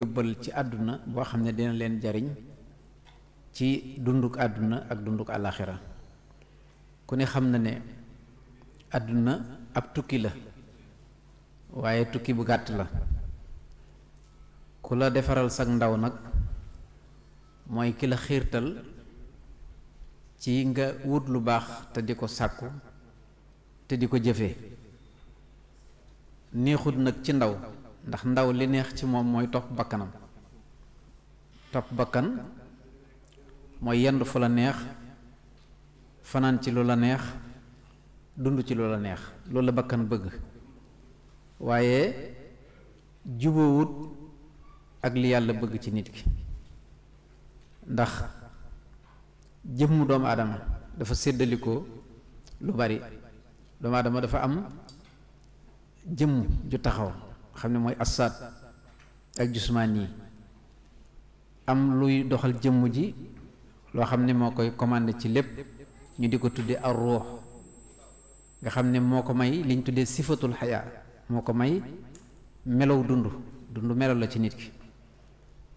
yóbbal ci àdduna boo xam ne dina leen jariñ ci dunduk àdduna ak dunduk ku ne xam na ne àdduna ab tukki la waaye tukki bu gàtt la ku la defaral sag ndaw nag mooy ki xiirtal ci nga wut lu baax te di ko sàkku te di ko jëfe neexut nag ci ndaw ndax ndaw li neex ci moom mooy topp bakkanam topp bakkan mooy yendu fu la neex fanaan ci lu la neex dund ci lu la neex loolu la bakkan bëgg waaye jubóowut ak li yàlla bëgg ci nit ki ndax jëmmu doomu aadama dafa séddalikoo lu bari doomu aadama dafa am jëmm ju taxaw xam ne mooy assaat ak jusmaan yi am luy doxal jëmm ji loo xam ne moo koy commandé ci lépp ñu di ko tuddee ar ruux nga xam ne moo ko may liñ tuddee sifatul xayaa moo ko may melow dund dund melow la ci nit ki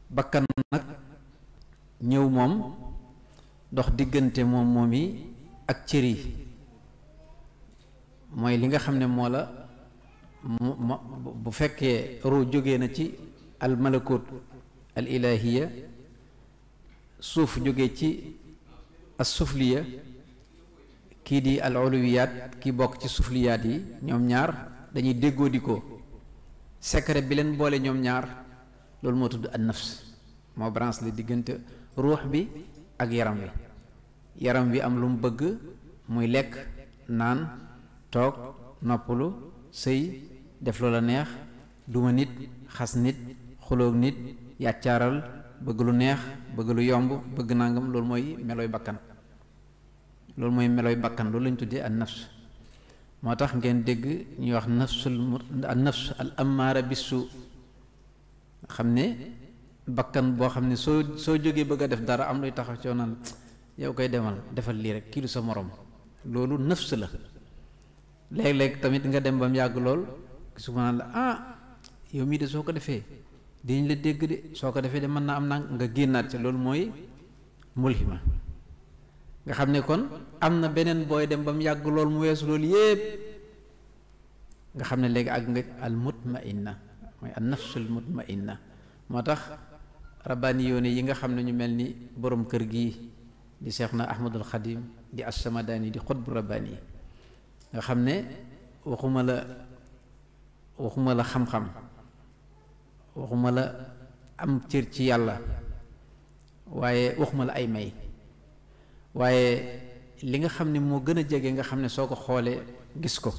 bakkan nag ñëw moom dox diggante moom moom yi ak cër yi mooy li nga xam ne moo la mu bu fekkee ruu jógee na ci al malakut al ilahiya suuf jóge ci as sufliya kii di al uluwiyaat kii bokk ci sufliyaat yi ñoom ñaar dañuy déggoo di ko secret bi leen boole ñoom ñaar loolu moo tudd an nafs moo branche la diggante ruux bi ak yaram wi yaram wi am lu mu bëgg muy lekk naan toog noppalu sëy def lu la neex duma nit xas nit xuloog nit yàccaaral bëgg lu neex bëgg lu yomb bëgg nangam loolu mooy melooy bàkkan loolu mooy melooy bakkan loolu lañ tuddee ak nafs moo tax ngeen dégg ñuy wax nafsul an nafs al ammaara bisu xam ne bakkan boo xam ne soo soo jógee bëgg a def dara am luy taxaw coo naan yow koy demal defal lii rek kii du sa moroom loolu nafs la léeg-léeg tamit nga dem ba yàgg lool souvent naan la ah yow mii de soo ko defee dinañ la dégg de soo ko defee de mën naa am naa nga génnaat ci loolu mooy mulhima nga xam ne kon am na beneen booy dem ba mu yàgg lool mu weesu loolu yépp nga xam ne léegi ak nga al mutmainna mooy an nafsul mutmainna moo tax rabbaani yoone yi nga xam ne ñu mel ni boroom kër gi di seex na ahmadul xadim di assamadaani di xutbu rabbaani yi nga xam ne waxuma la waxuma la xam-xam waxuma la am cër ci yàlla waaye waxuma la ay may waaye li nga xam ne moo gën a jege nga xam ne soo ko xoolee gis ko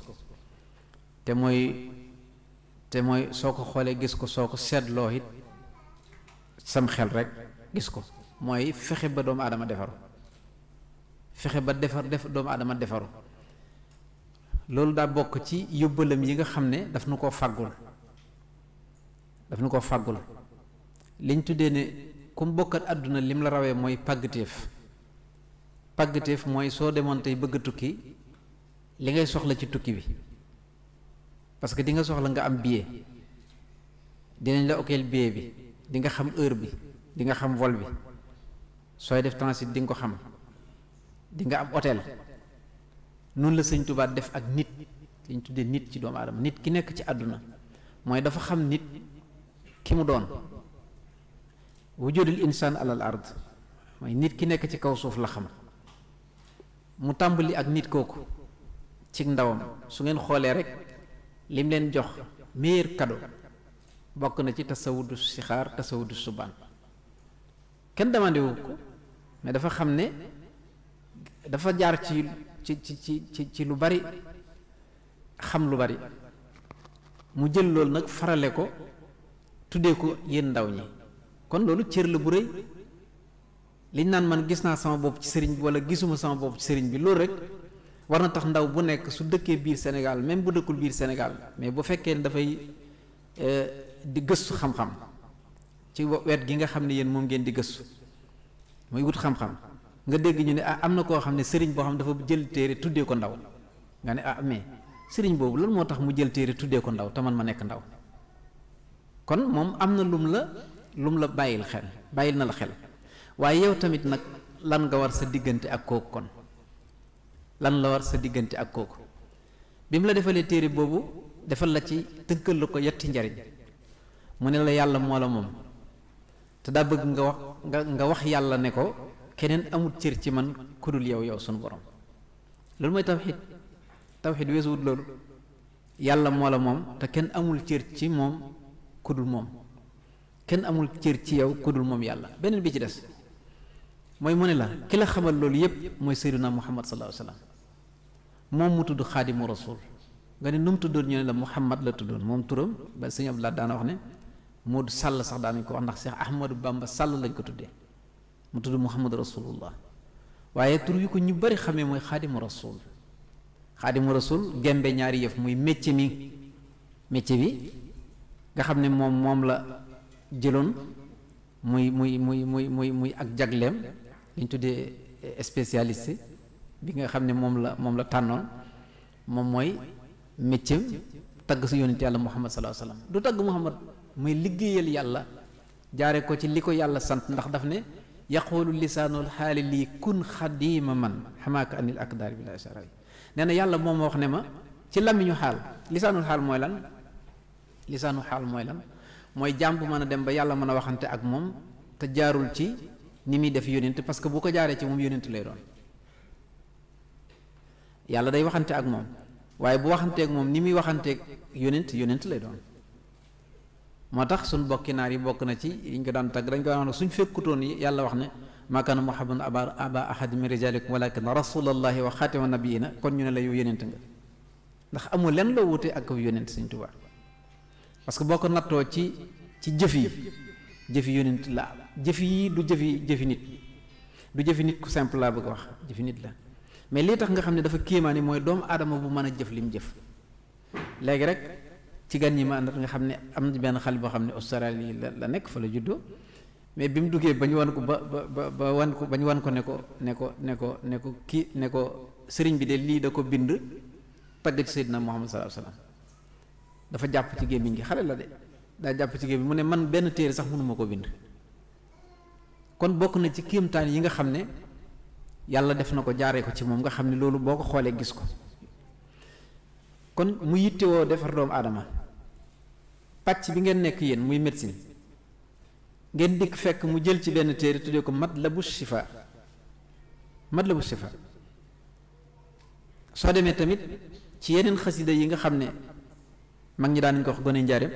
te mooy te mooy soo ko xoolee gis ko soo ko seetloo it sam xel rek gis ko mooy fexe ba doomu adama defaru fexe ba defar def doomu aadama defaru loolu daa bokk ci yóbbalam yi nga xam ne daf nu koo fàggul daf nu ko fàggul liñ tuddee ne kum bokkat àdduna lim la rawee mooy pàggatéef pàggatéef mooy soo demoon tey bëgg a tukki li ngay soxla ci tukki bi parce que di nga soxla nga am billet dinañ la okkeel billet bi di nga xam heure bi di nga xam vol bi sooy def transit di nga ko xam di nga am hôtel noonu la sëñ Tuubaa def ak nit liñ tuddee nit ci doomu aadama nit ki nekk ci àdduna mooy dafa xam nit ki mu doon wujudul insaan alal ard mooy nit ki nekk ci kaw suuf la xam mu tàmbali ak nit kooku ci ndawam su ngeen xoolee rek lim leen jox meilleur cadeau bokk na ci tasawudu sixaar tasawudu subaan kenn demandewu ko mais dafa xam ne dafa jaar ci ci ci ci ci lu bari xam lu bari mu jël loolu nag farale ko tuddee ko yéen ndaw ñi kon loolu cër la bu rëy liñ naan man gis naa sama bopp ci sëriñ bi wala gisuma sama bopp ci sëriñ bi loolu rek war na tax ndaw bu nekk su dëkkee biir Sénégal même bu dëkkul biir Sénégal mais bu fekkee dafay eh, di gëstu xam-xam ci wet gi nga xam ne yéen moom ngeen di gëstu mooy wut xam-xam nga dégg ñu ne ah am na koo xam ne sëriñ boo xam dafa jël téere tuddee ko ndaw nga ne ah mais sëriñ boobu lan moo tax mu jël téere tuddee ko ndaw te man ma nekk ndaw kon moom am na lum la lum la bàyyil xel bàyyil na la xel waaye yow tamit nag lan nga war sa diggante ak kooku kon lan la war sa diggante ak kooku bi mu la defalee téere boobu defal la ci tënkal la ko yetti njariñ mu ne la yàlla moo la moom te daa bëgg nga wax nga nga wax yàlla ne ko keneen amul cër ci man ku yow yow sunu borom loolu mooy tawxid tawxid weesuwut loolu yàlla moo la moom te kenn amul cër ci moom ku moom kenn amul cër ci yow ku moom yàlla beneen bi ci des mooy mu ne la ki la xamal loolu yépp mooy sayyiduna muhammad sallallahu alayhi wa sallam moom mu tudd xaadimu rasul nga ne nu mu tuddoon ñu ne la muhammad la tuddoon moom turam ba sëñ Abdulaay daana wax ne moo sàll sax daanañ ko wax ndax Seex Ahmadu bàmba sàll lañ ko tuddee mu tudd muhammad rasulullah waaye tur wi ko ñu bari xamee mooy xaadimu rasul xaadimu rasul gembe ñaari yëf muy métier mi métier bi nga xam ne moom moom la jëloon muy muy muy muy muy muy ak jagleem li ñu tuddee spécialiste bi nga xam ne moom la moom la tànnoon moom mooy métier tagg si yonent yàlla muhammad salaa salaam du tagg muhammad muy liggéeyal yàlla jaare ko ci li ko yàlla sant ndax daf ne yaqulu lisaanul xaali lii kun xadiima man xamaaka ak akdaari bi laa sara nee na yàlla moom wax ne ma ci làmmiñu xaal lisaanul xaal mooy lan lisaanul xaal mooy lan mooy bu mën a dem ba yàlla mën a waxante ak moom te jaarul ci ni muy def yónent parce que bu ko jaaree ci moom yónent lay doon yàlla day waxante ak moom waaye bu waxanteek moom ni muy waxanteek yónent yónent lay doon moo tax suñ bokki naar yi bokk na ci yiñ ko daan tagg dañ ko daan wax ne suñ fekkutoon yàlla wax ne maa kaana muhammadun aba aba ahad min rijalikum walakin rasulallahi wa xaatima nabiyina kon ñu ne la yow yonent nga ndax amul lenn la wutee ak yonent Sëñ Tuubaa parce que boo ko nattoo ci ci jëf yi jëf yi yonent la jëf yi du jëf yi jëfi nit du jëfi nit ku simple laa bëgg wax jëfi nit la mais li tax nga xam ne dafa kéemaani mooy doomu aadama bu mën a jëf lim jëf léegi rek ci gan ñi ma àndat nga xam ne am na benn xale boo xam ne Australie la la nekk fa la juddoo mais bi mu duggee ba ñu wan ko ba ba ba wan ko ba ñu wan ko ne ko ne ko ne ko ne ko kii ne ko sëriñ bi de lii da ko bind tagg ci Seydina Muhammad sallallahu dafa jàpp ci gémmiñ gi xale la de jàpp ci gémmiñ mu ne man benn téere sax mënuma ko bind kon bokk na ci kéemtaan yi nga xam ne yàlla def na ko jaaree ko ci moom nga xam ne loolu boo ko xoolee gis ko kon mu woo defar doomu aadama pàcc bi ngeen nekk yéen muy médecine ngeen dikk fekk mu jël ci benn téere tuddee ko mat la bu shifa soo demee tamit ci yeneen xasida yi nga xam ne mag ñi daan nañ ko wax gone njaareem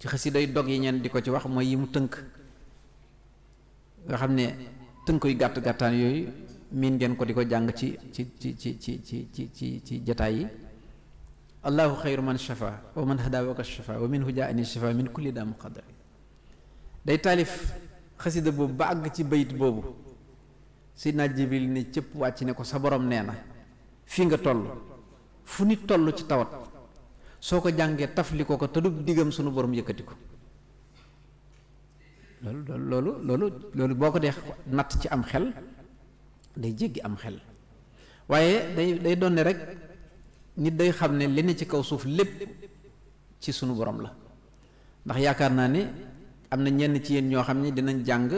ci xasida yu dog yi ñeen di ko ci wax mooy yi mu tënk nga xam ne tënk yu gàtt gàttaan yooyu miin ngeen ko di ko jàng ci ci ci ci ci ci ci ci jataay yi allahu xayru man shafa wa man hada wa kashafa wa minhu jaani shafa min kulli daa muqaddar day taalif xasida boobu ba àgg ci bayit boobu sidna jibril ne cëpp wàcc ne ko sa boroom nee na fii nga toll fu nit toll ci tawat soo ko jàngee tafli ko ko te du diggam sunu borom yëkkati ko loolu loolu loolu boo ko dee natt ci am xel day jéggi am xel waaye day day doon nit day xam ne leneen ci kaw suuf lépp ci sunu borom la ndax yaakaar naa ne am na ñenn ci yéen ñoo xam ne dinañ jàng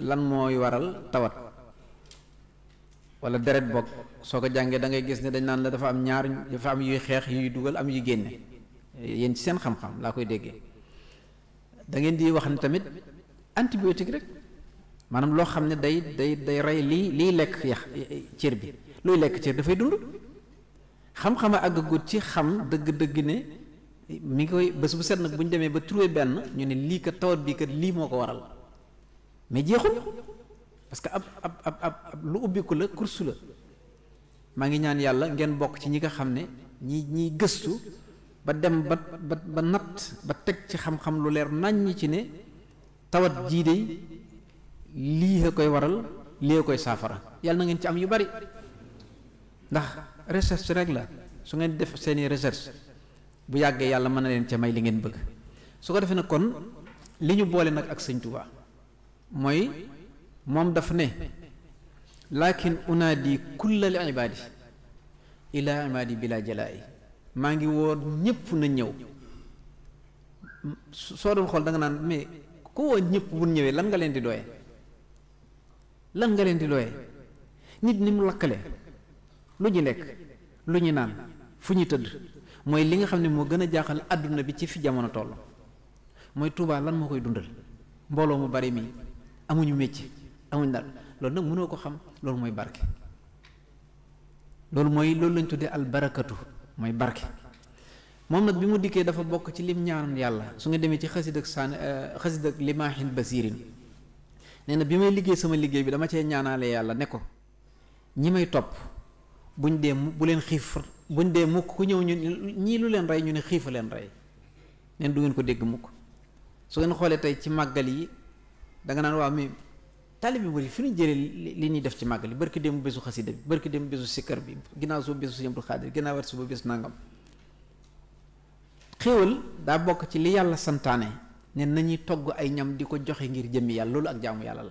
lan mooy waral tawat wala deret bokk soo ko jàngee da ngay gis ne dañ naan la dafa am ñaar dafa am yuy xeex yuy dugal am yuy génne yéen ci seen xam-xam laa koy déggee dangeen di wax ne tamit antibiotique rek maanaam loo xam ne day day day rey lii liy lekk yax cër bi luy lekk cër dafay dund xam-xama àggagut ci xam dëgg-dëgg ne mi ngi koy bés bu set nag bu ñu demee ba trouvé benn ñu ne lii kat tawat bii kat lii moo ko waral mais jeexul parce que ab ab ab ngi ñaan yàlla ngeen bokk ci ñi nga xam ne ñi ñiy gëstu ba dem ba ba ba teg ci xam lu leer nàññ ci ne tawat jii de lii a koy waral lii koy saafara yàlla na ngeen ci am yu bari ndax recherche rek la su ngeen def seeni recherche bu yàggee yàlla mën na leen ca may li ngeen bëgg su ko defee nag kon li ñu boole nag ak sëñ Tuubaa mooy moom dafa ne lakin unaadi kullal ibaadi ila ibaadi bila jalaay maa ngi woor ñépp na ñëw soo doon xool danga naan mais ku woo ñëpp bu ñëwee lan nga leen di dooyee lan nga leen di dooyee nit ni mu lakkale lu ñu lekk lu ñu naan fu ñu tëdd mooy li nga xam ne moo gën a jaaxal àdduna bi ci fi jamono toll mooy Touba lan moo koy dundal mbooloo mu bari mii amuñu métier amuñ dal loolu nag mënoo ko xam loolu mooy barke loolu mooy loolu lañ tuddee al barakatu mooy barke moom nag bi mu dikkee dafa bokk ci lim ñaanal yàlla su nga demee ci xasid ak saan euh, xasid ak limaahin basirin nee na bi may liggéey sama liggéey bi dama cee ñaanaale yàlla ne ko ñi may topp buñ dee bu leen xiif buñ dee mukk ku ñëw ñu ñu ñii lu leen rey ñu ne xiifa leen rey neen du ngeen ko dégg mukk su ngeen xoolee tey ci màggal yi danga naan waaw mais taalibe fi ñu jëlee li ñuy def ci màggal yi barki dem bésu xasida bi barki dem bésu sikkar bi ginnaaw suba bésu yëmtu xaadir ginnaaw wet suba bésu nàngam xéewal daa bokk ci li yàlla santaane ne nañuy togg ay ñam di ko joxe ngir jëmmi yàlla loolu ak jaamu yàlla la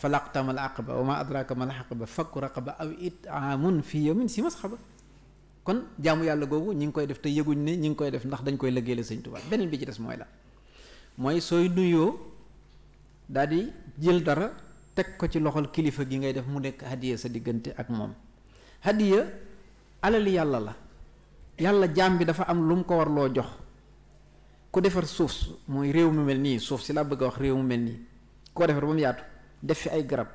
falaqtamal aqaba wa ma adraka mal aqaba fakku raqaba aw it itaamun fi yawmin si masxaba kon jaamu yàlla googu ñi ngi koy def te yëguñ ne ñi ngi koy def ndax dañ koy liggéeyal sëñ Tuubaa beneen bi ci des mooy la mooy sooy nuyoo daal jël dara teg ko ci loxol kilifa gi ngay def mu nekk hadiya sa diggante ak moom hadiya alali yàlla la yàlla jaam bi dafa am lu mu ko war loo jox ku defar suuf mooy réew mu mel nii suuf si laa bëgg a wax réew mu mel nii koo defar ba mu def fi ay garab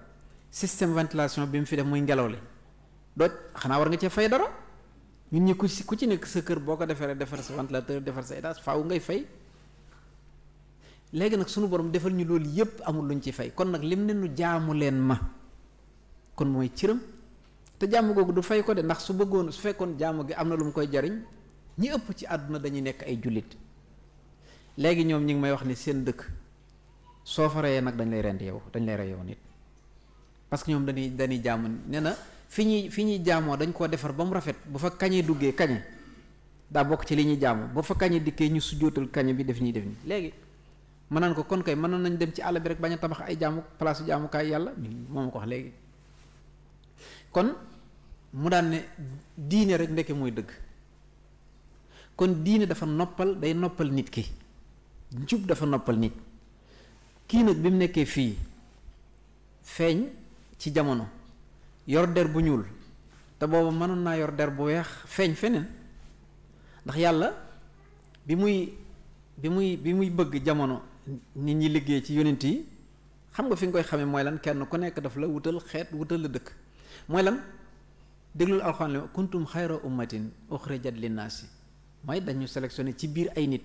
système ventilation bi mu fi def muy ngelaw li doo xanaa war nga cee fay dara ñun ñi ku ci ku ci nekk sa kër boo ko defaree defar sa ventilateur defar sa étage faw ngay fay léegi nag sunu borom defal ñu loolu yépp amul ñu ci fay kon nag lim ne nu jaamu leen ma kon mooy cëram te jaamu googu du fay ko de ndax su bëggoon su fekkoon jaamu gi am na lu mu koy jariñ ñi ëpp ci àdduna dañuy nekk ay jullit léegi ñoom ñi ngi may wax ni seen dëkk. soo fa reyee nag dañ lay rend yow dañ lay rey yow nit parce que ñoom dañuy dañuy jàmm nee na fi ñuy fi ñuy jàmmoo dañ koo defar ba mu rafet bu fa kañe duggee kañe daa bokk ci li ñuy jàmm ba fa kañe dikkee ñu sujjóotal kañe bi def ñuy def nii léegi mën naan ko kon kay mënoon nañu dem ci àll bi rek bañ a tabax ay jaamu place jaamukaay yàlla moom ko wax léegi kon mu daan ne diine rek ndeke mooy dëgg kon diine dafa noppal day noppal nit ki njub dafa noppal nit kii nag bi mu nekkee fii feeñ ci jamono yor der bu ñuul te booba mënoon naa yor der bu weex feeñ feneen ndax yàlla bi muy bi muy bi muy bëgg jamono nit ñi liggéey ci yonent yi xam nga fi nga koy xamee mooy lan kenn ku nekk daf la wutal xeet wutal la dëkk mooy lan déglul alxuraan li kuntum xayra ummatin uxrijat linnaasi mooy dañu sélectionné ci biir ay nit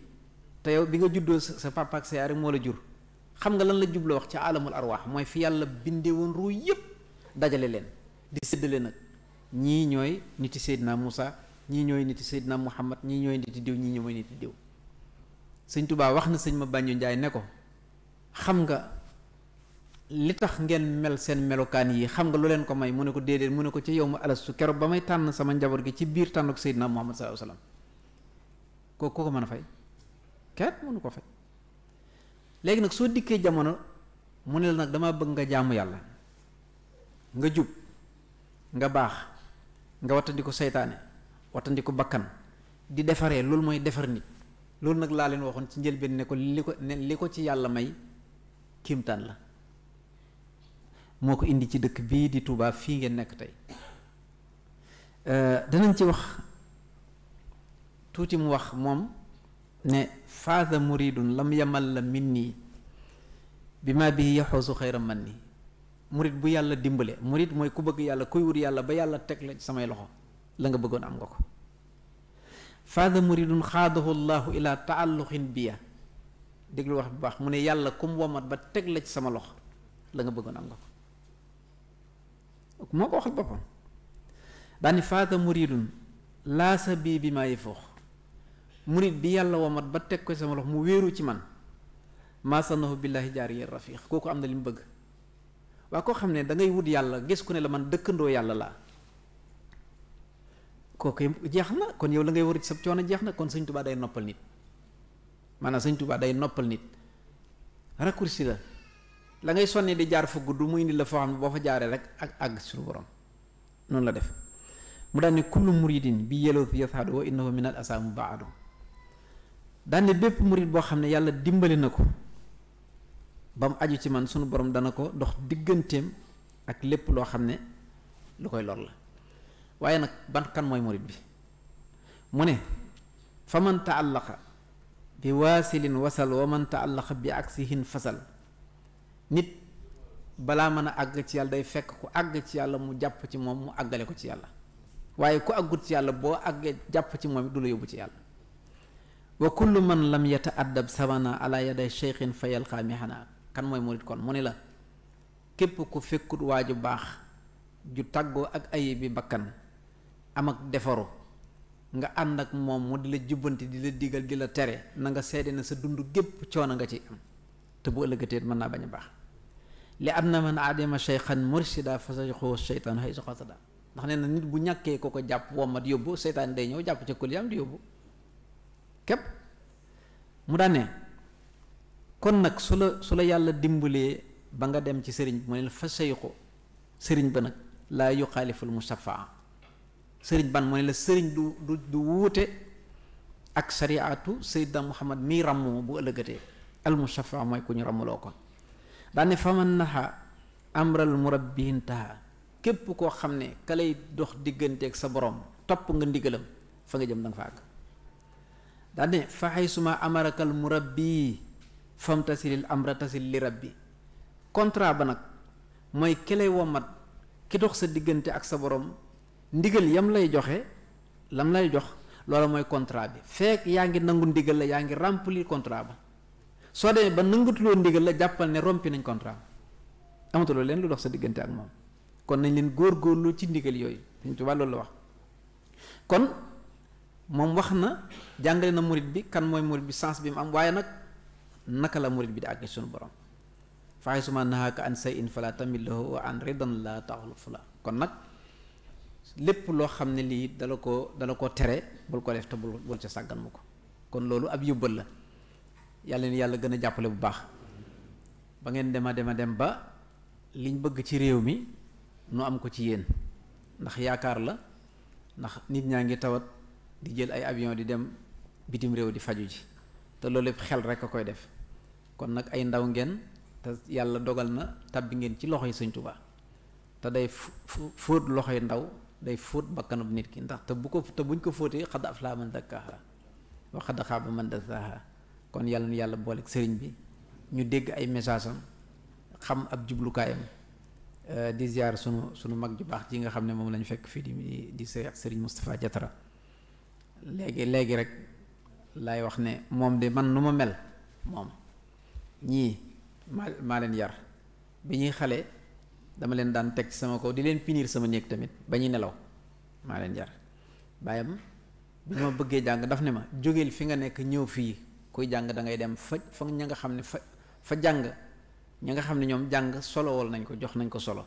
te yow bi nga juddoo sa papa ak sa yaay rek moo la jur xam nga lan la jublu wax ci alamul arwaax mooy fi yàlla bindee woon ruu yépp dajale leen di séddale nag ñii ñooy niti Seydina Moussa ñii ñooy niti Seydina Muhammad ñii ñooy niti diw ñii ñooy niti diw sëñ Tuubaa wax na sëñ ma bàññu Njaay ne ko xam nga li tax ngeen mel seen melokaan yii xam nga lu ko may mu ne ko déedéet mu ne ko ci yow mu ma su keroog ba may tànn sama njaboot gi ci biir tànnuk Seydina Muhammad sallallahu alayhi wasallam kooku ko mën a fay kenn mënu ko fay léegi nag soo dikkee jamono mu ne la nag dama bëgg nga jàmm yàlla nga jub nga baax nga wattandiku seytaane wattandiku bakkan di defaree loolu mooy defar nit loolu nag laa leen waxoon ci njëlbeen ne ko li ko ne li ko ci yàlla may kiimtaan la moo ko indi ci dëkk bii di Touba fii ngeen nekk tey euh, danañ ci wax tuuti mu wax moom ne faada muridun lam yamal la min nii bi maa bi yaxoosu xayra man nii murid bu yàlla dimbale murid mooy ku bëgg yàlla kuy wut yàlla ba yàlla teg la samay loxo la nga bëggoon am nga ko faada muridun xaadahu llahu ila taalluxin wax bu baax mu ne yàlla kum womat ba teg la ci sama loxo la nga bëggoon am nga ko moo ko waxal boppam daani faata muridun laa sa bii bi maa yëfoox murit bi yàlla womat ba teg ko sama loxo mu wéeru ci man maasanahu billaahi jaar yi rafiq kooku am na li mu bëgg waa koo xam ne da ngay wut yàlla gis ko ne la man dëkkandoo yàlla laa kooku jeex na kon yow la ngay war ci sa coono jeex na kon sëñ tubaa day noppal nit maanaam sëñ tubaa day noppal nit raccourci la la ngay sonni di jaar fa gudd mu indi la foo xam ne boo fa jaaree rek ak àgg suñu borom noonu la def mu daal ne kullu muridin bi yeloo fi yasaadu daan ne bépp murit boo xam ne yàlla dimbali na ko ba mu aju ci man sunu borom dana ko dox digganteem ak lépp loo xam ne lu koy lor la waaye nag ban kan mooy morit bi mu ne fa man taallaqa bi waasilin wasal wa man taallaqa bi aksihin fasal nit balaa mën a àgg ci yàlla day fekk ku àgg ci yàlla mu jàpp ci moom mu àggale ko ci yàlla waaye ku àggut ci yàlla boo àggee jàpp ci moom du la yóbbu ci yàlla wa kullu man lam yata'addab sabana ala yaday cheikhin fa yalqaa mihana kan mooy murit kon mu ni la képp ku fekkut waa ju baax ju tàggoo ak ayi bi bakkan am ak defaru nga ànd ak moom mu di la jubbanti di la digal di la tere na nga seede na sa dund gépp coono nga ci am te bu ëllëgatee mën naa bañ a baax li am na man adima cheikhan mursida fa sayxoo cheytaan hay su xasada ndax nee na nit bu ñàkkee ko ko jàpp womat yóbbu seytaan day ñëw jàpp ca kuliyam di yóbbu képp mu daan kon nag su la su la yàlla dimbalee ba nga dem ci sëriñ mu ne la fa sayxu sëriñ ba nag laa yuxaaliful musafaa sëriñ ban mu ne la sëriñ du du du wuute ak sariatu sayyidna muhammad mii ràmmoo bu ëllëgatee al mooy ku ñu ràmmuloo ko daan ne faman naxa amral murabbiin képp koo xam ne ka lay dox digganteeg sa borom topp nga ndigalam fa nga jëm danga fa àgg daal ne fa xaysuma amarakal murabbi fam tasilil am tasil li bi contrat ba nag mooy kelay womat ki dox sa diggante ak sa borom ndigal yam lay joxe lam lay jox loolu mooy contrat bi fekk yaa ngi nangu ndigal la yaa ngi remplir contrat ba soo demee ba nangutuloo ndigal la jàppal ne rompi nañ contrat amatuloo leen lu dox sa diggante ak moom kon nañ leen góor góorlu ci ndigal yooyu Sëñ Tuubaa loolu la wax kon moom wax na jàngale na murit bi kan mooy murit bi sens bi mu am waaye nag naka la murit bi di àgg suñu borom faxe suma nahaaka an say in fala tamit lahu wa an ridan la taxlu fula kon nag lépp loo xam ne lii dala ko dala ko tere bul ko def te bul bul ca sàggan ko kon loolu ab yóbbal la yàlla ni yàlla gën a jàppale bu baax ba ngeen dema dema dem ba liñ bëgg ci réew mi nu am ko ci yéen ndax yaakaar la ndax nit ñaa ngi tawat di jël ay avion di dem bitim réew di faju ji te loolu lépp xel rek a koy def kon nag ay ndaw ngeen te yàlla dogal na tàbbi ngeen ci loxo yi Sëñ Tuubaa te day fóot loxo yi ndaw day fóot bakkanub nit ki ndax te bu ko te buñ ko fóotee xad aflaha man zakkaaha wa xad xaaba man dassaaha kon yàlla na yàlla booleek sëriñ bi ñu dégg ay message am xam ab jublukaayam euh, di ziar sunu sunu mag ju baax ji nga xam ne moom la ñu fekk fii di di sëriñ Moustapha Diatara léegi léegi rek lay wax ne moom de man nu ma mel moom ñii maa maa leen yar bi ñuy xale dama leen daan teg sama kaw di leen pinir sama néeg tamit ba ñuy nelaw maa leen yar baayam bi ma bëggee jàng daf ne ma jógeel fi nga nekk ñëw fii kuy jàng da ngay dem fa fa ña nga xam ne fa fa jàng ña nga xam ne ñoom jàng solo wal nañ ko jox nañ ko solo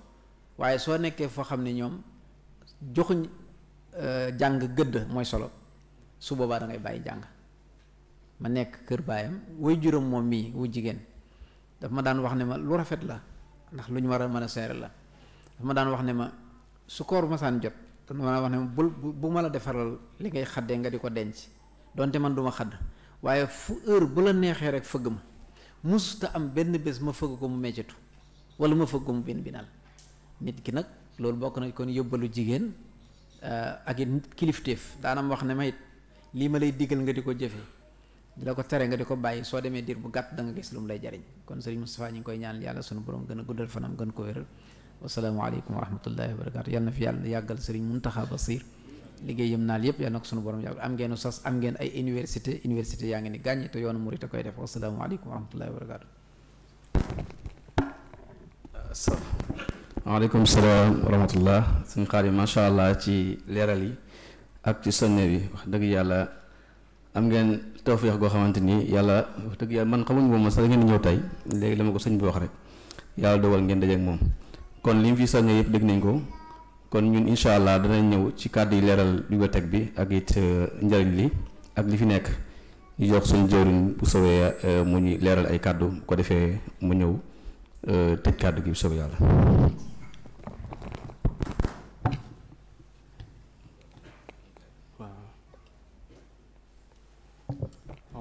waaye soo nekkee foo xam ne ñoom joxuñ euh, jàng gëdd mooy solo su boobaa da ngay bàyyi jàng ma nekk kër baayam woy juróom moom mii wu jigéen daf ma daan wax ne ma lu rafet la ndax lu ñu war a mën a seere la daf ma daan wax ne ma su koor masaan jot daf ma daan wax ne ma bu ma la defaral li ngay xaddee nga di ko denc donte man duma xadd waaye fu heure bu neexee rek fëgg ma am benn bés ma fëgg ko mu meccetu wala ma fëgg ko mu bin binal nit ki nag loolu bokk na kon yóbbalu jigéen euh, ak it kilifteef daanam wax ne ma lii ma lay digal nga di ko jëfee di la ko tere nga di ko bàyyi soo demee diir bu gàtt danga nga gis lu mu lay jariñ kon sëriñ Moustapha ñu ngi koy ñaan yàlla sunu borom gën a guddal fanam gën ko wéral wasalaamaaleykum wa rahmatullahi wa barakaatu yal na fi yàlla yàggal sëriñ Muntaxa Basiir liggéeyam naal yëpp yal na ko sunu borom yàggal am ngeen sas am ngeen ay université université yaa ngi ni gàññi te yoonu murit a koy def wasalaamaaleykum wa rahmatullahi wa barakaatu waaleykum salaam wa rahmatullah suñ xaar macha allah ci leeral yi ak ci soññe bi wax dëgg yàlla am ngeen tawféex goo xamante ni yàlla wax dëgg yàlla man xamuñu moom sax ngeen ñëw tey léegi la ma ko sëñ bi wax rek yàlla dogal ngeen dajeek moom kon li mu fi soññe yëpp dégg nañ ko kon ñun incha allah danañ ñëw ci kàdd yi leeral bibliothèque bi ak it euh, njëriñ li ak li fi nekk ñu jox suñu jëwriñ bu soobee euh, mu ñu leeral ay kàddu ko defee mu ñëw euh, tëj kàddu gi bu soobee yàlla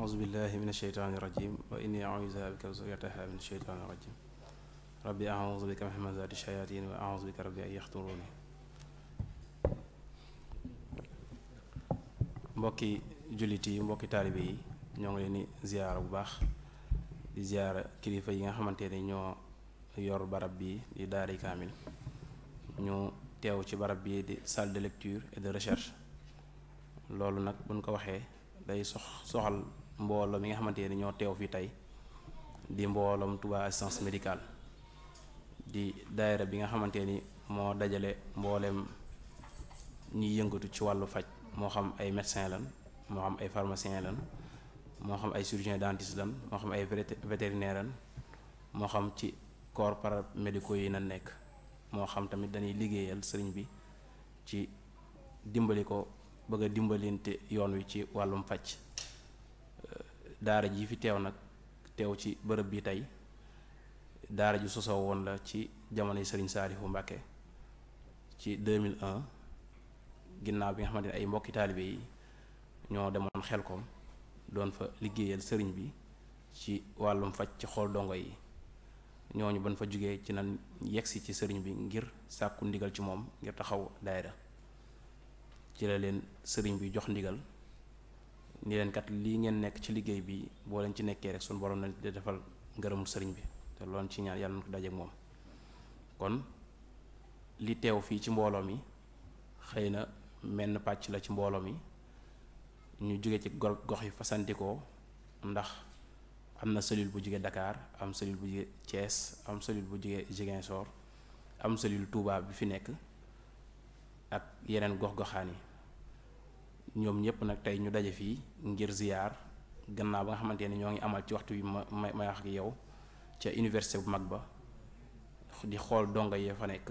أعوذ بالله من الشيطان الرجيم وإني أعوذ بك وذريتها من الشيطان الرجيم mbokki jullit yi mbokki taalibe yi ñoo ngi leen di ziyaara bu baax di ziyaara kilifa yi nga xamante ni ñoo yor barab bi di daari kaamil ñu teew ci barab bi di salle de lecture et de recherche loolu nag buñ ko waxee day sox soxal mbooloo mi nga xamante ni ñoo teew fii tey di mbooloom Touba assistance médicale di daayira bi nga xamante ni moo dajale mbooleem ñuy yëngatu ci wàllu faj moo xam ay médecin lan moo xam ay pharmacien lan moo xam ay chirurgien dentiste lan moo xam ay vétérinaire lan moo xam ci corps paramédicaux yi na nekk moo xam tamit dañuy liggéeyal sëriñ bi ci dimbali ko bëgg a dimbalinte yoon wi ci wàllum faj daara ji fi teew nag teew ci bërëb bi tey daara ji sosoo woon la ci jamonoy Serigne Saalihu Mbàkke ci 2001 ginnaaw bi nga xamante ne ay mbokki taalibe yi ñoo demoon xel koom doon fa liggéeyal sëriñ bi ci wàllum faj ci xool dongo yi ñooñu ban fa jóge ci nan yegsi ci sëriñ bi ngir sàkku ndigal ci moom ngir taxaw daayira ci la leen sëriñ bi jox ndigal ni leen kat lii ngeen nekk ci liggéey bi boo leen ci nekkee rek suñu borom na di defal ngërëmu sëriñ bi te loolu ci ñaan yàlla na ko dajeek moom kon li teew fii ci mbooloo mi xëy na menn pàcc la ci mbooloo mi ñu jóge ci gox yi fasantikoo ndax am na cellule bu jóge dakaar am cellule bu jóge Thiès am cellule bu jóge Ziguinchor am cellule Touba bi fi nekk ak yeneen gox goxaan yi ñoom ñëpp nag tey ñu daje fii ngir ziyaar gannaaw ba nga xamante ne ñoo ngi amal ci waxtu wi ma may wax ak yow ca université bu mag ba di xool donga yi fa nekk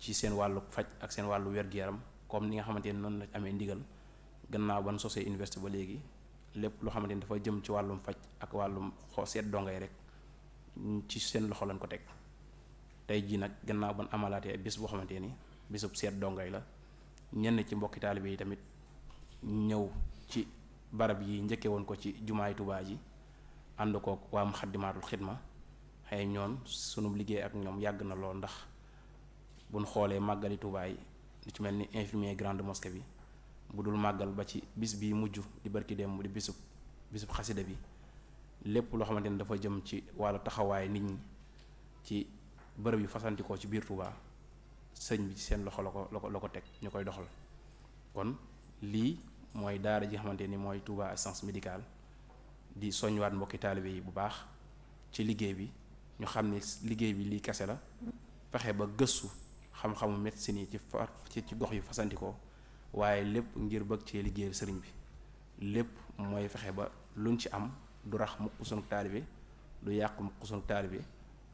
ci seen wàllu faj ak seen wàllu wér yaram comme ni nga xamante ne noonu la amee ndigal gannaaw ban sosee université ba léegi lépp loo xamante ni dafa jëm ci wàllum faj ak wàllum xoo seet donga yi rek ci seen loxo lañ ko teg tey jii nag gannaaw ban amalaate bis boo xamante ni bisub seet donga yi la ñenn ci mbokki taalibe yi tamit. ñëw ci barab yi njëkke woon ko ci jumaay Tuubaa ji ànd koog waa Muxaddamaatul Xidma xëy ñoon sunu liggéey ak ñoom yàgg na lool ndax buñ xoolee màggali Tuubaa yi lu ci mel ni infirmier grande mosquée bi bu dul màggal ba ci bis bii mujj di barki dem di bisub bisub xasida bi lépp loo xamante ni dafa jëm ci wàllu taxawaay nit ñi ci bërëb yu fasantikoo ci biir Tuubaa sëñ bi ci seen loxo la ko la ko la ko teg ñu koy doxal kon lii mooy daara ji xamante ni mooy Touba assistance médicale di soñwaat mbokki taalibe yi bu baax ci liggéey bi ñu xam ni liggéey bi lii kese la fexe ba gëstu xam-xamu médecine yi ci far ci gox yu fasantikoo waaye lépp ngir bëgg ci liggéeyal sëriñ bi lépp mooy fexe ba luñ ci am du rax mukk sunu taalibe du yàq mukk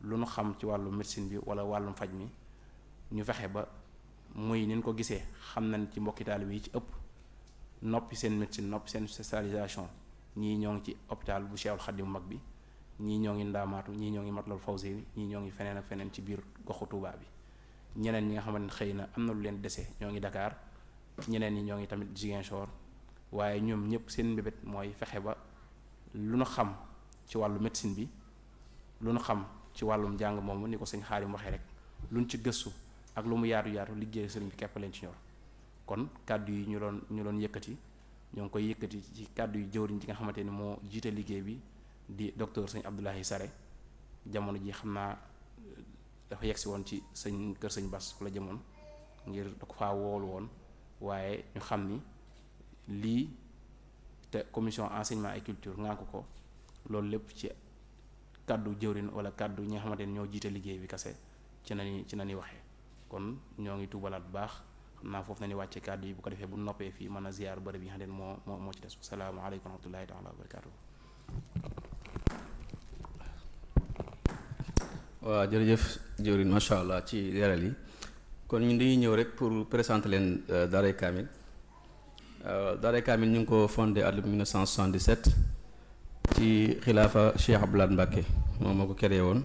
lu nu xam ci wàllu médecine bi wala wàllum faj mi ñu fexe ba muy niñ ko gisee xam nañ ci mbokki taalibe yi ci ëpp noppi seen médecine noppi seen spécialisation ñii ñoo ngi ci hôpital bu Cheikhoul Khadim mag bi ñii ñoo ngi ndaamaatu ñii ñoo ngi matlal fawsé bi ñii ñoo ngi feneen ak feneen ci biir goxu Touba bi ñeneen ñi nga xamante ne xëy na am na lu leen dese ñoo ngi dakaar ñeneen ñi ñoo ngi tamit Ziguinchor waaye ñoom ñëpp seen mbébét mooy fexe ba lu nu xam ci wàllu médecine bi lu nu xam ci wàllum jàng moomu ni ko sëñ Xaadim waxee rek lu luñ ci gëstu ak lu mu yaatu liggéey sëriñ bi képp leen ci ñor kon kàddu yi ñu doon ñu doon yëkkati ñoo ngi koy yëkkati ci kàddu yu jëwriñ ji nga xamante ni moo jiite liggéey bi di docteur sëñ Abdoulaye Sare jamono ji xam naa dafa yegg si woon ci sëñ kër sëñ Bas la jëmoon ngir da woolu woon waaye ñu xam ni lii te commission enseignement et culture ŋànk ko loolu lépp ci kàddu jëwrin wala kàddu ñi nga xamante ni ñoo jiita liggéey bi kase ci nañu ci nañuy waxee kon ñoo ngi tuubalaat bu baax xam naa foofu na ni wàcce kàddu yi bu ko defee bu noppee fii mën a ziar bërëb yi nga xam ne moo moo moo ci des wasalaamaaleykum wa rahmatullahi taala wa allah ci leeral yi kon ñun dañuy ñëw rek pour présenter leen euh, daaray kaamil euh, daaray kaamil ñu ngi ko fonde fondé atum 1977 ci xilaafa Cheikh Abdoulaye Mbacke moom moo ko créé woon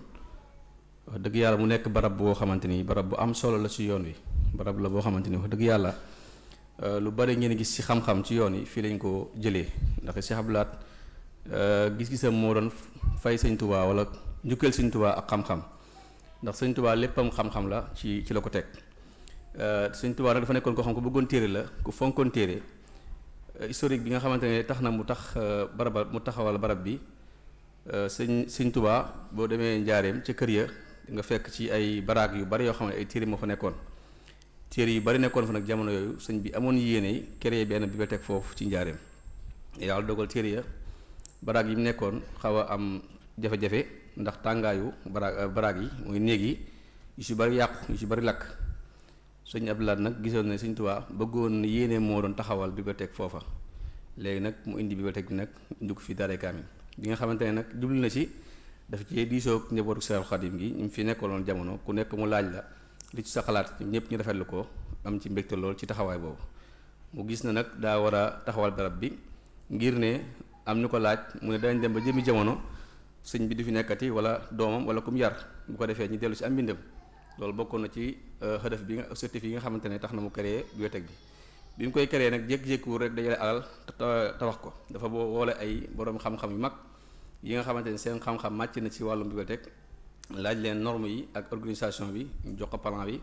dëgg yàlla mu nekk barab boo xamante ni barab bu am solo la si yoon wi barab la boo xamante ni wax dëgg yàlla euh, lu bari ngeen gis ci xam-xam ci yoon yi fii lañ ko jëlee ndax Cheikh Abdou euh, gis-gisam moo doon fay sëñ Tuubaa wala njukkeel sëñ Tuubaa ak xam-xam ndax sëñ Tuubaa léppam xam-xam la ci ci la ko teg euh, sëñ Tuubaa nag dafa nekkoon koo xam ko bëggoon téere la ku fonkoon téere historique bi nga xamante ne tax na mu tax barab mu taxawal barab bi sëñ sëñ Tuubaa boo demee njaareem ca kër ya nga fekk ci ay baraag yu bari yoo xam ne ay téere moo fa nekkoon téere yu bari nekkoon fa nag jamono yooyu sëñ bi amoon yéene créé benn bibliothèque foofu ci njaareem yàlla dogal téere ya baraag yi mu nekkoon xaw a am jafe-jafe ndax tàngaayu baraag baraag yi mooy néeg yi yu si bari yàqu yu si bari lakk sëñ Abdou Lahad nag gisoon ne sëñ Tuubaa bëggoon na yéene moo doon taxawal bibliothèque foofa léegi nag mu indi bibliothèque bi nag indi ko fii Daaray Kaamil nga xamante ne nag jublu na si dafa ci diisoo njabootu Seex Xaadim gi ñu fi nekkaloon jamono ku nekk mu laaj la li ci sa xalaat ñun ñëpp ñu rafetlu ko am ci mbégte lool ci taxawaay boobu mu gis na nag daa war a taxawal barab bi ngir ne am ñu ko laaj mu ne dañ dem ba jëmi jamono sëñ bi du fi nekkati wala doomam wala kum yar bu ko defee ñu dellu si am mbindam loolu bokkoon na ci euh, xëdëf bi nga objectif yi nga xamante ne tax na mu créé bibliothèque bi bi mu koy créé nag jékki-jékkiwul rek dajale alal tabax ko dafa boo woole ay boroom xam-xam yu mag yi nga xamante ne seen xam màcc na ci wàllum bibliothèque laaj leen normes yi ak organisation bi ñu jox ko plan bi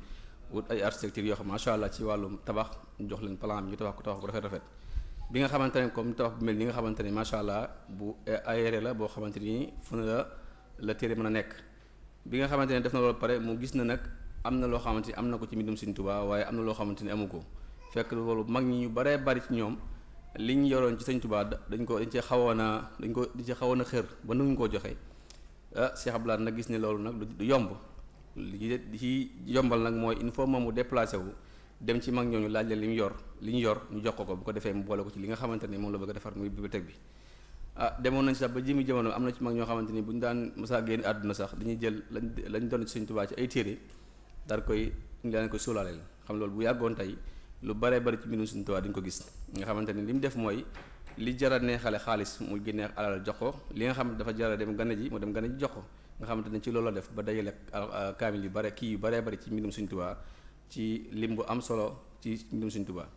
wut ay architecture yoo xam macha allah ci wàllum tabax ñu jox leen palan bi ñu tabax ko tabax bu rafet rafet bi nga xamante ne comme tabax bu mel ni nga xamante ne macha allah bu aéré la boo xamante ni fu ne la la téere mën a nekk bi nga xamante ne def na loolu pare mu gis na nag am na loo xamante am na ko ci mbindum Sëriñ Tuubaa waaye am na loo xamante ni amu ko fekk loolu mag ñi ñu baree bari ñoom li ñu yoroon ci Sëriñ Tuubaa dañ ko ci xawoon a dañ ko dañ xawoon a xër ba nanguñu koo joxe. ah Cheikh Abdoulaye nag gis ne loolu nag du yomb li ci yombal nag mooy il faut moom mu déplacé wu dem ci mag ñooñu laaj leen li mu yor li ñu yor ñu jox ko ko bu ko defee mu boole ko ci li nga xamante ne moom la bëgg a defar muy bibliothèque bi ah demoon nañ sax ba jëmi jamono am na ci mag ñoo xamante ni bu ñu daan masa génn àdduna sax dañuy jël lañ lañ doon ci Sëñ ci ay téere dar koy ñu leen ko la xam loolu bu yàggoon tey lu baree bari ci mbindum Sëñ Tuubaa dañ ko gis nga xamante ne li mu def mooy li jar a neexale xaalis mu génneex alal jox ko li nga xam dafa jar a dem gane ji moo dem gana ji jox ko nga xamante ne ci loolu la def ba dajale euh, kaamil yu bare kii yu bare bari ci mbindum Sëriñ Tuubaa ci lim bu am solo ci mbindum Sëriñ Tuubaa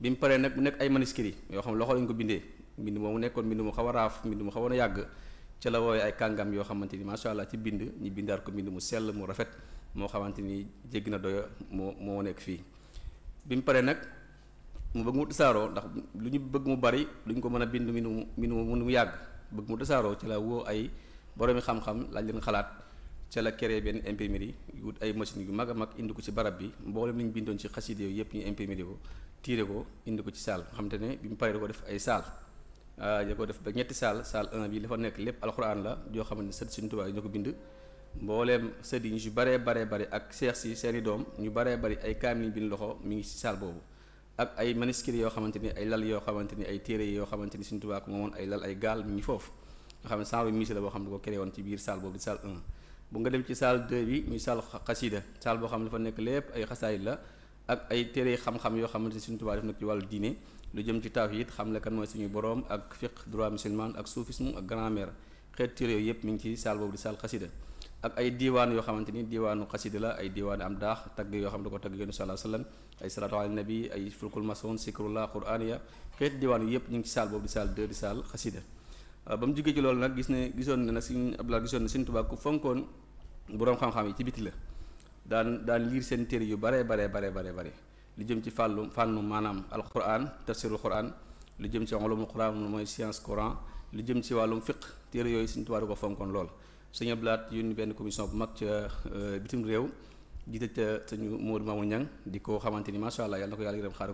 bi mu paree nag mu nekk ay manuscrits yoo xam loxo lañ ko bindee mbind moomu nekkoon mbind mu xaw a raaf mbind mu xaw a yàgg ca la wooye ay kàngam yoo xamante ni macha allah ci bind ñi bindaat ko mbind mu sell mu rafet moo xamante ni jéggi na doyo moo moo nekk fii bi paree nag. mu bëgg mu tasaaroo ndax lu ñu bëgg mu bari duñ ko mën a bind mi nu mu nu mu yàgg bëgg mu tasaaroo ci la woo ay boroomi xam-xam laaj leen xalaat ca la créé benn imprimerie ut ay machines yu mag a mag indi ko ci barab bi mboolem li ñu bindoon ci xaside yooyu yëpp ñu imprimerie ko tiire ko indi ko ci saal nga ne bi mu paree ko def ay saal ah, ya ko def ba ñetti saal saal 1 bi dafa nekk lépp alxuraan la joo xam ne sët suñu tubaab yi ñoo ko bind mbooleem sët yi ñu si baree baree bare ak seex si seen i doom ñu baree bari ay kaamil bind loxo mi ngi si saal boobu ak ay manuscrits yoo xamante ni ay lal yoo xamante ni ay téere yoo xamante ni Sëriñ Tuubaa ko moomoon ay lal ay gaal mi ngi foofu nga xam ne chambre boo xam ne ko créé woon ci biir salle boobu di salle 1 bu nga dem ci salle 2 bi muy xam ne dafa nekk lépp ay xasaayid la ak ay téere xam-xam yoo xamante ni Sëriñ def nag ci wàllu diine lu jëm ci tawhid xam la kan mooy suñu boroom ak fiqh droit musulman ak soufisme ak grammaire xeet téere yooyu yëpp mu ngi ci salle boobu di salle xasida ak ay diiwaan yoo xamante ni diiwaanu xasida la ay diiwaanu am daax tagg yoo xam ne da ko tagg yonu salaa sallam ay salaatu ala nabi ay fulkul masoon sikrullah quraaniya xeeti diiwaan yëpp ñu ngi ci saal boobu di saal 2 di saal xasida euh, ba mu jógee ci loolu nag gis ne gisoon ne nag suñ Abdoulaye gisoon ne suñ tubaab ku fonkoon boroom xam-xam yi ci biti la daan daan liir seen téer yu bare bare bare bare bare lu jëm ci fàllum fànnu maanaam alquran tafsirul quran lu jëm ci ulumul quran mooy science coran lu jëm ci wàllum fiq téere yooyu suñ tubaab di fonkoon lool sëñ Abdou Lahad yónni benn commission bu mag ca euh, bitim réew jiite ca sëñu Modou Mamoun di ko xamante ni macha allah na ko yàlla yërëm xaaru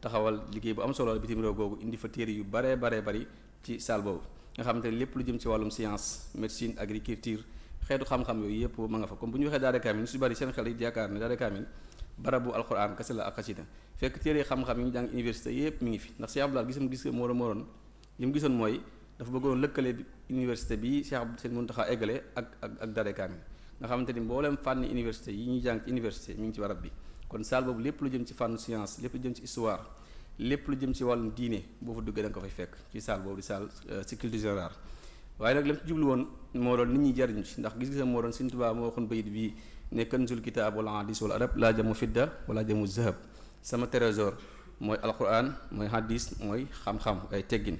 taxawal liggéey bu am solo bitim réew googu indi fa téere yu baree baree bari ci salle boobu nga xamante lépp lu jëm ci wàllum science médecine agriculture xeetu xam-xam yooyu yëpp ma nga fa comme bu ñu waxee daara kaamil su bari seen xel fekk téere xam yi ñu jàng université yëpp mi ngi fi ndax sëñ Abdou Lahad gisam gis moroon moroon li mu gisoon mooy dafa bëggoon lëkkale université bi Cheikh Sëñ Muntaxa eggale ak ak ak Daaray Kaamil nga xamante ni mboolem fànn université yi ñuy jàng ci université mi ngi ci barab bi kon saal boobu lépp lu jëm ci fànn science lépp lu jëm ci histoire lépp lu jëm ci wàllum diine boo fa duggee da ko fay fekk ci saal boobu di saal euh, ci culture générale waaye nag lam ci jublu woon moo doon nit ñi jariñu ci ndax gis-gisam moo doon Sëñ Tuubaa moo waxoon bayit bii ne kanzul kitaab wala hadis wala adab laa jamu fidda wala jamu zahab sama trésor mooy alquran mooy hadis mooy xam ay teggin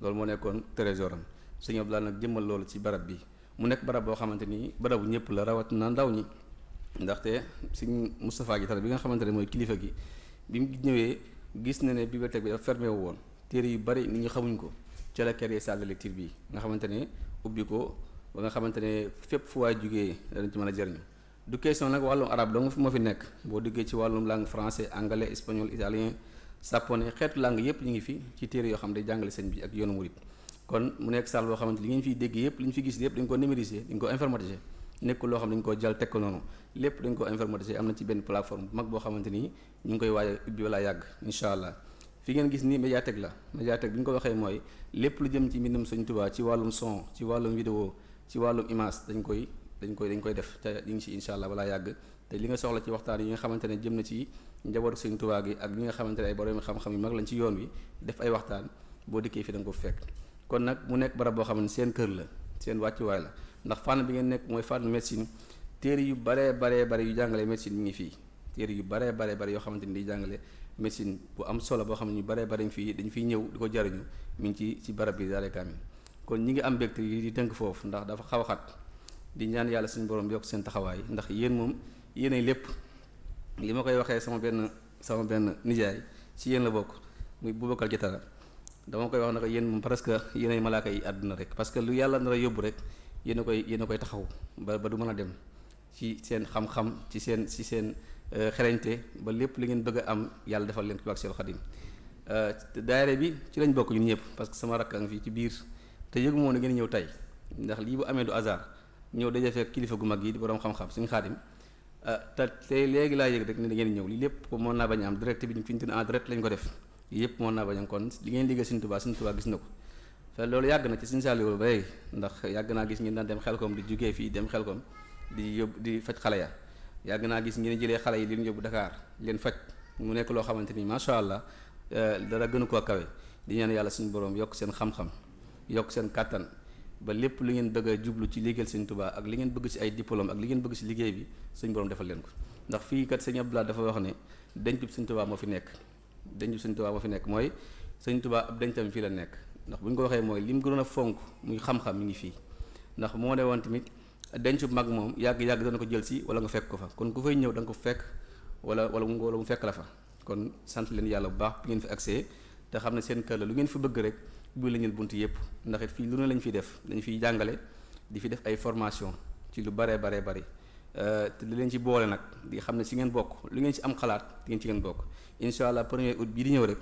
loolu moo nekkoon trésor am sëñ Abdoulaye nag jëmmal loolu ci barab bi mu nekk barab boo xamante ni barabu ñëpp la rawatina ndaw ñi ndaxte sëñ Moustapha gi tal bi nga xamante ne mooy kilifa gi bi mu ñëwee gis na ne bibliothèque bi dafa fermé wu woon téere yu bari nit ñi xamuñ ko ca la créé salle bi nga xamante ne ubbi ko ba nga xamante ne fépp fu waay jugee danañ ci man a jëriñu du question nag wàllum arab dong moo fi nekk boo duggee ci wàllum langue français anglais espagnol sàppoone xeetu làng yëpp ñu ngi fi ci téere yoo xam day jàngale sëñ bi ak yoonu murit kon mu nekk salle boo xamante li ngeen fiy dégg yëpp li ñu fi gis yëpp dañ ko numériser dañ ko loo xam dañ ko jël teg ko noonu lépp dañ ko informatiser am na ci benn plateforme mag boo xamante ni ñu ngi koy waaj a ubbi wala yàgg incha allah fi ngeen gis nii médiathèque la médiathèque bi ñu ko waxee mooy lépp lu jëm ci mbindum sëñ Tuubaa ci wàllum son ci wàllum vidéo ci wàllum image dañ koy dañ koy dañ koy def te ñu ngi si incha allah balaa yàgg te li nga soxla ci waxtaan yi nga xamante ne jëm na ci njabootu Sëriñ Tuubaa gi ak ñi nga xamante ne ay borom xam-xam yu mag lañ ci yoon wi def ay waxtaan boo dikkee fi da nga ko fekk kon nag mu nekk barab boo xam ne seen kër la seen wàccuwaay la ndax fànn bi ngeen nekk mooy fànn médecine téere yu baree bare bare yu jàngale médecine mi ngi fii téere yu baree baree bare yoo xamante ni di jàngale médecine bu am solo boo xam ne ñu bare bare fii dañu fiy ñëw di ko jariñu mi ngi ci ci barab bi daale kaamil kon ñu ngi am mbégte yi di tënk foofu ndax dafa xaw a xat di ñaan yàlla suñu borom yokk seen taxawaay ndax yéen moom yéenay lépp li ma koy waxee sama benn sama benn nijaay ci yenn la bokk muy bu Boubacar Diatara dama koy wax ne ko yéen moom presque yéenay malaaka yi àdduna rek parce que lu yàlla nar yóbbu rek yéen a koy yéen koy taxaw ba ba du mën a dem ci seen xam-xam ci seen ci seen euh, xereñte ba lépp li ngeen bëgg a am yàlla defal leen ko ak seen xadim euh, daayira bi ci lañ bokk ñun ñëpp parce que sama rakk a fii ci biir te yëgu moo ne ngeen ñëw tey ndax lii bu amee du hasard ñëw dajee fekk kilifa gu mag yi di borom xam-xam suñu Euh, te tey léegi laa yëg rek ne da ngeen ñëw li lépp moon naa bañ am direct bi ñu fi ñu en ah, direct lañ ko def li yëpp moon naa bañ am kon li ngeen liggéey Sëriñ Tuubaa Sëriñ Tuubaa gis na ko te loolu yàgg na ci Sëriñ Saliou ba ndax yàgg naa gis ngeen daan dem xel xelkom di jugee fii dem xelkom di yóbbu di faj xale ya yàgg naa gis ngeen jëlee xale yi leen yóbbu dakaar leen faj mu nekk loo xamante ni macha allah euh, dara gënu koo kawe di ñaan yàlla suñu boroom yokk seen xam-xam yokk seen kàttan ba lépp lu ngeen bëgg jublu ci liggéeyal sëñ tubaa ak li ngeen bëgg ci ay diplôme ak li ngeen bëgg ci liggéey bi suñ borom defal leen ko ndax fii kat sëñ Abdoulaye dafa wax ne dencub sëñ Tuubaa moo fi nekk dencub sëñ Tuubaa moo fi nekk mooy sëñ Tuubaa ab fii la nekk ndax bu ko waxee mooy li mu gënoon a fonk muy xam-xam ngi fii ndax moo ne woon tamit dencub mag moom yàgg-yàgg dana ko jël si wala nga fekk ko fa kon ku fay ñëw da nga ko fekk wala wala mu fekk la fa kon sant leen yàlla bu baax bi ngeen fi accès te xam ne seen kër la lu ngeen fi bëgg rek ubbi la ñu bunt yëpp ndax it fii lu ne lañ fiy def dañu fiy jàngale di fi def ay formation ci lu baree baree bari euh, te li leen ci boole nag di xam ne si ngeen bokk lu ngeen ci am xalaat di ngeen ci ngeen bokk incha allah premier août bii di ñëw rek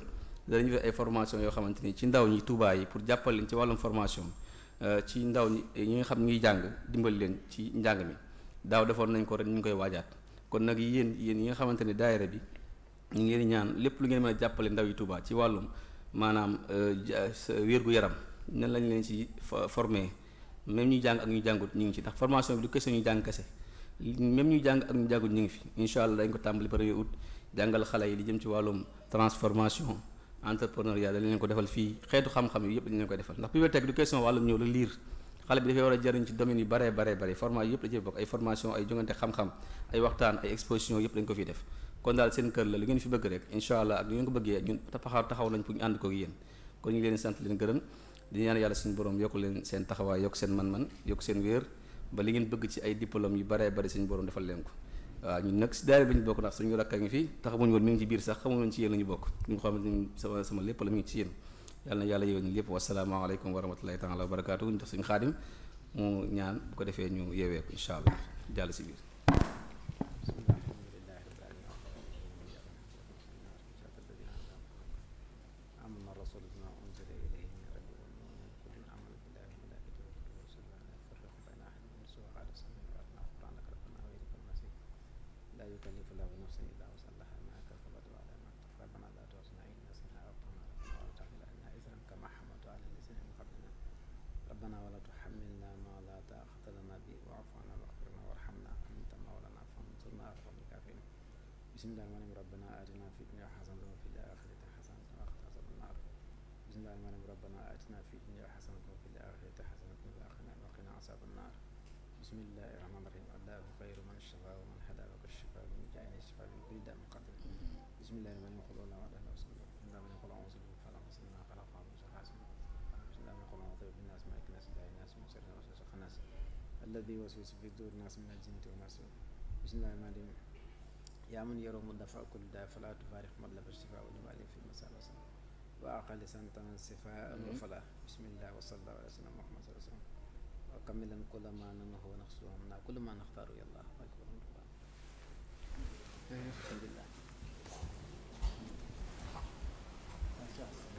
danañu def ay formation yoo xamante ni ci ndaw ñi Tuubaa yi jàppal leen ci wàllum formation euh, ci ndaw ñi ñi ngi xam ngi jàng dimbali leen ci njàng mi daaw defoon nañ ko rek ñu ngi koy waajaat kon nag yéen yéen yi nga xamante ne daayira bi ñu ngeen ñaan lépp lu ngeen mën a jàppale ndaw yi tubaa ci wàllum maanaam euh, wér-gu-yaram nan lañ leen ci forme même ñu jàng ak ñu jàngut ñu ngi ci ndax formation bi du question ñu jàng kese même ñu jàng ak ñu jàngut ñu ngi fi incha allah dañ ko tàmbali premier août jàngal xale yi di jëm ci wàllum transformation entrepreneuriat dañ leen ko defal fii xeetu xam-xam yi yëpp dañ leen ko defal ndax bibliothèque du question wàllum ñëw la liir xale bi dafay war a jariñ ci domaine yu baree baree bare format yëpp da cee bokk ay formation ay jongante xam-xam ay yëpp dañ ko fiy def kon daal seen kër la lu ngeen fi bëgg rek incha allah ak lu ngeen ko bëggee ñun taxaw sant leen gërëm di ñaan yàlla suñu borom leen seen taxawaay yokk seen man-man yokk seen wéer ba li ngeen bëgg ci ay diplôme yu baree bari suñu borom defal leen ko waaw ñun nag si daara bi ñu ngi fi taxamuñ woon ngi ci biir sax xamuñ woon ci ñu bokk ñu xam lépp la mi ngi ci yéen yàlla na wa rahmatullahi taala wa barakaatu ñu ñaan bu ko defee ñu yeewee ko incha allah jàll si biir واعفنا واغفرنا وارحمنا أنت مولانا فانصرنا على القوم الكافرين بسم الله الرحمن الرحيم ربنا آتنا في الدنيا حسنة وفي الآخرة حسنة وقنا عذاب النار بسم الله الرحمن الرحيم ربنا آتنا في الدنيا حسنة وفي الآخرة حسنة وقنا عذاب النار بسم الله الرحمن الرحيم الله خير من شفى ومن هدى وك الشفاء من جاء الشفاء من كل داء مقدر بسم الله الرحمن الرحيم قل الله وعد الله وصلى الله عليه وسلم قل اعوذ بالله خلق من شر حاسد بسم الله الرحمن الرحيم قل اعوذ بالناس ملك الناس داعي الناس من شر الناس alladi waswisu fi duur naas min aljinnati wa naas bismillahi rahmaani rahim yaa man yarumu dafa kulli daa fala tufaarix matlaba shifa wa limalim fi masala sa wa aqali santan sifa wa mm-hmm. fala bismillah wa sallallahu alayhi wa sallam muhammad sallallahu alayhi wa sallam wa kamilan kulla ma namahu wa naxsu amna kulla ma naxtaaru yàlla eh. alhamdulillah